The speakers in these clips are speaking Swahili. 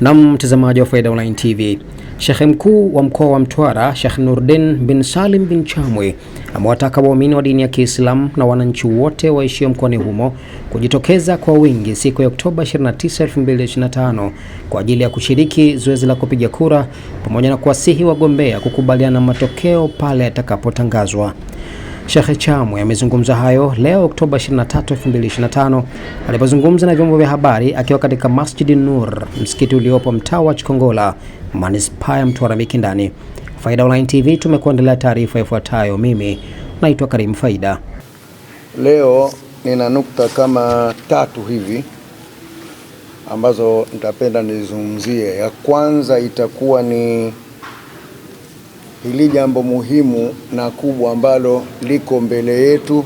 Na mtazamaji wa Faida Online TV, Shekhe mkuu wa mkoa wa Mtwara Sheikh Nurdin bin Salim bin Chamwe amewataka waumini wa dini ya Kiislamu na wananchi wote waishio mkoani humo kujitokeza kwa wingi siku ya Oktoba 29, 2025 kwa ajili ya kushiriki zoezi la kupiga kura pamoja na kuwasihi wagombea kukubaliana na matokeo pale yatakapotangazwa. Shekhe Chamwe amezungumza hayo leo Oktoba 23, 2025 alipozungumza na vyombo vya habari akiwa katika Masjid Nur, msikiti uliopo mtaa wa Chikongola, manispaa ya Mtwara Mikindani. Faida Online TV tumekuandalia taarifa ifuatayo. Mimi naitwa Karim Faida. Leo nina nukta kama tatu hivi ambazo nitapenda nizungumzie. Ya kwanza itakuwa ni hili jambo muhimu na kubwa ambalo liko mbele yetu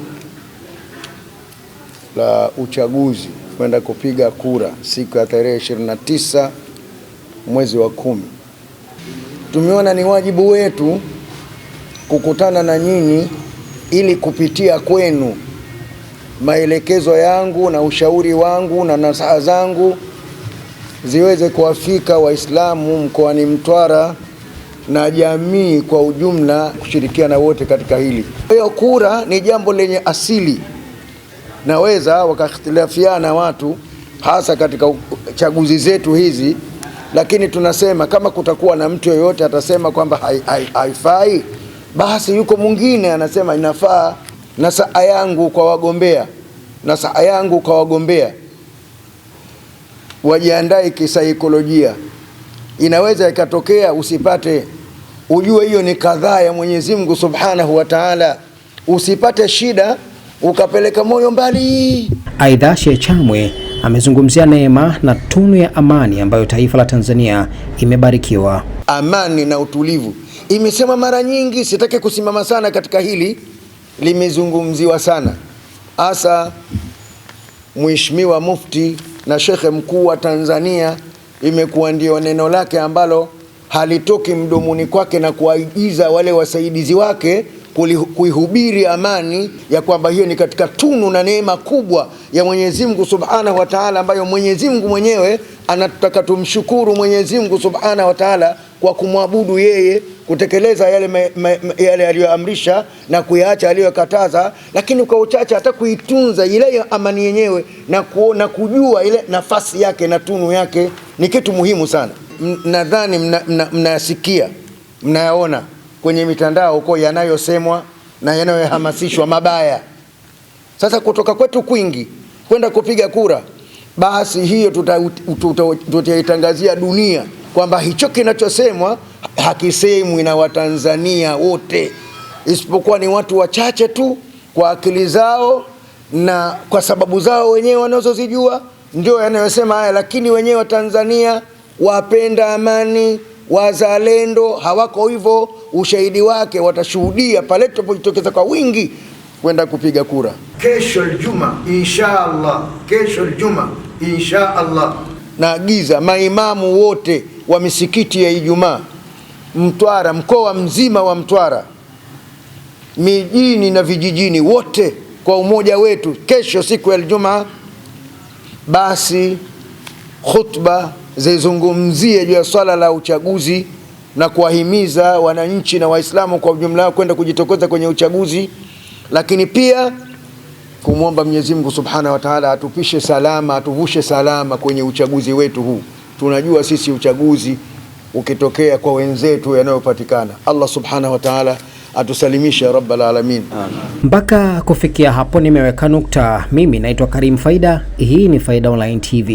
la uchaguzi kwenda kupiga kura siku ya tarehe 29 mwezi wa kumi, tumeona ni wajibu wetu kukutana na nyinyi ili kupitia kwenu maelekezo yangu na ushauri wangu na nasaha zangu ziweze kuwafika Waislamu mkoani Mtwara na jamii kwa ujumla kushirikiana wote katika hili. Kwa hiyo kura ni jambo lenye asili, naweza wakakhtilafiana watu hasa katika chaguzi zetu hizi, lakini tunasema kama kutakuwa na mtu yoyote atasema kwamba haifai hai, basi yuko mwingine anasema inafaa. Na saa yangu kwa wagombea, na saa yangu kwa wagombea wajiandae kisaikolojia inaweza ikatokea usipate, ujue hiyo ni kadhaa ya Mwenyezi Mungu Subhanahu wa Ta'ala, usipate shida ukapeleka moyo mbali. Aidha, Sheikh Chamwe amezungumzia neema na tunu ya amani ambayo taifa la Tanzania imebarikiwa. Amani na utulivu imesema mara nyingi, sitaki kusimama sana katika hili, limezungumziwa sana hasa Mheshimiwa Mufti na Shekhe mkuu wa Tanzania imekuwa ndio neno lake ambalo halitoki mdomoni kwake na kuagiza wale wasaidizi wake kuihubiri amani ya kwamba hiyo ni katika tunu na neema kubwa ya Mwenyezi Mungu Subhanahu wa Ta'ala, ambayo Mwenyezi Mungu mwenyewe anataka tumshukuru Mwenyezi Mungu Subhanahu wa Ta'ala kwa kumwabudu yeye kutekeleza yale, me, me, yale aliyoamrisha na kuyaacha aliyokataza, lakini kwa uchache hata kuitunza ile amani yenyewe na, ku, na kujua ile nafasi yake na tunu yake ni kitu muhimu sana. Nadhani mnayasikia mna, mna mnayaona kwenye mitandao huko yanayosemwa na yanayohamasishwa mabaya. Sasa kutoka kwetu kwingi kwenda kupiga kura, basi hiyo tutaitangazia tuta, tuta, tuta dunia kwamba hicho kinachosemwa hakisemwi na Watanzania wote isipokuwa ni watu wachache tu, kwa akili zao na kwa sababu zao wenyewe wanazozijua ndio yanayosema haya, lakini wenyewe Watanzania wapenda amani, wazalendo hawako hivyo. Ushahidi wake watashuhudia pale tutapojitokeza kwa wingi kwenda kupiga kura kesho Ijumaa, insha Allah. Kesho Ijumaa, insha Allah. Naagiza maimamu wote wa misikiti ya Ijumaa Mtwara, mkoa mzima wa Mtwara, mijini na vijijini, wote kwa umoja wetu, kesho siku ya Ijumaa, basi khutba zizungumzie juu ya swala la uchaguzi na kuwahimiza wananchi na Waislamu kwa ujumla kwenda kujitokeza kwenye uchaguzi, lakini pia kumwomba Mwenyezi Mungu Subhanahu wa Ta'ala atupishe salama, atuvushe salama kwenye uchaguzi wetu huu. Tunajua sisi uchaguzi ukitokea kwa wenzetu yanayopatikana. Allah subhanahu wa ta'ala atusalimishe rabbal alamin. Mpaka kufikia hapo nimeweka nukta. Mimi naitwa Karim Faida, hii ni Faida Online TV.